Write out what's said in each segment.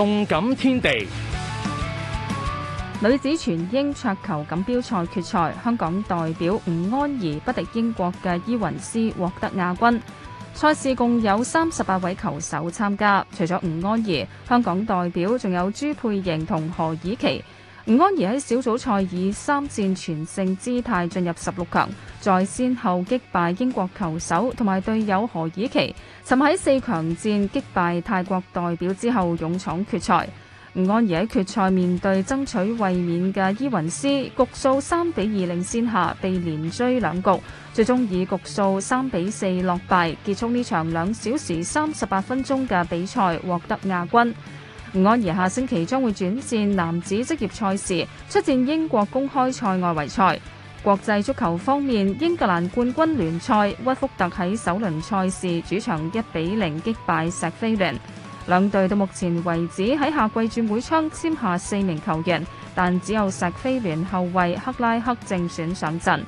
動感天地女子全英桌球錦標賽決賽，香港代表吳安儀不敵英國嘅伊雲絲，獲得亞軍。賽事共有三十八位球手參加，除咗吳安儀，香港代表仲有朱佩瑩同何以琪。吳安儀喺小組賽以三戰全勝姿態進入十六強，在先後擊敗英國球手同埋隊友何爾奇，尋日喺四強戰擊敗泰國代表之後勇闖決賽。吳安儀喺決賽面對爭取衛冕嘅伊雲絲，局數三比二領先下被連追兩局，最終以局數三比四落敗，結束呢場兩小時三十八分鐘嘅比賽，獲得亞軍。安儀下星期將會轉戰男子職業賽事，出戰英國公開賽外圍賽。國際足球方面，英格蘭冠軍聯賽屈福特喺首輪賽事主場一比零擊敗石飛聯，兩隊到目前為止喺夏季轉會窗簽下四名球員，但只有石飛聯後衛克拉克正選上陣。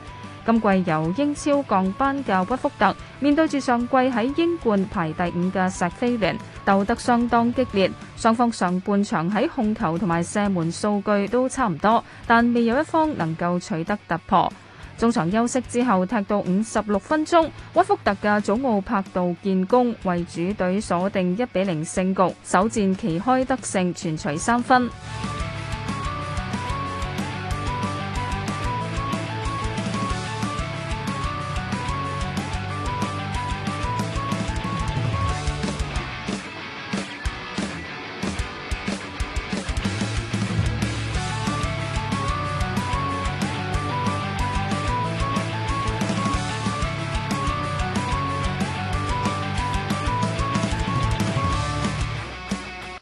今季由英超降班嘅屈福特面對住上季喺英冠排第五嘅石飛聯，鬥得相當激烈。雙方上半場喺控球同埋射門數據都差唔多，但未有一方能夠取得突破。中場休息之後踢到五十六分鐘，屈福特嘅祖奧柏度建功，為主隊鎖定一比零勝局，首戰旗開得勝，全取三分。